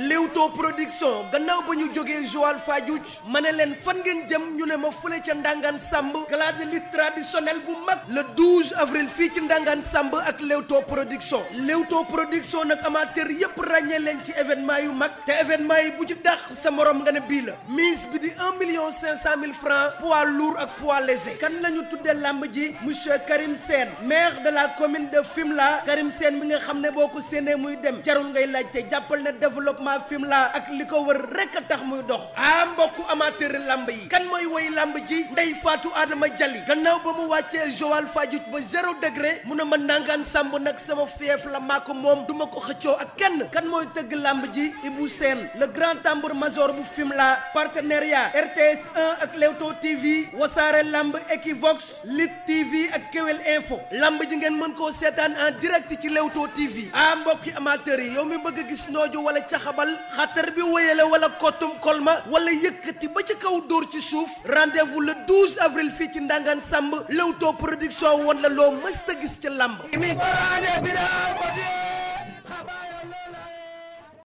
Leewtoo production gannaaw ba ñu jógee Joal Fadiouth ma ne leen fan ngeen jëm ñu ne ma fële ca Ndangan Samb gala de lutte traditionnelle bu mag la 12 avril fii ci Ndangan Samb ak Leewtoo production Leewtoo production nag amateur yépp ràññee leen ci événement yu mag te événement yi bu ci dàq sa moroom nga ne bii la mise bi di 1 million 500 mille francs poids lourd ak poids léger kan la ñu tuddee làmb ji monsieur Karim Sène maire de la commune de Fimela Karim Sène bi nga xam boo ko séenee muy dem jarul ngay laajte jàppal ne développement la ak li ko wër rek a tax muy dox ah mbokk amateur làmb yi kan mooy woy lamb ji ndey faatu aadama Jali gannaaw ba mu wàccee Joal Fadiouth ba zéro degré mu ne ma nangaan sàmb nag sama fief la maa moom duma ko xëccoo ak kenn kan mooy tëgg lamb ji Ibou Sène le grand tambour major bu Fimela partenariat RTS 1 ak Leewtoo TV wasaare lamb Equivox Lit TV ak info lamb ji ngeen mën koo seetaan en direct ci Leewtoo TV ah mbokki amateur yi yow mi bëgg a gis nooju wala xabal xatar bi wéyale wala kottum kolma wala yëkkati ba ci kaw dóor ci suuf rendez la le 12 avril fii ci Ndangan sàmb Leewtoo production woon la loo mës a gis ci lamb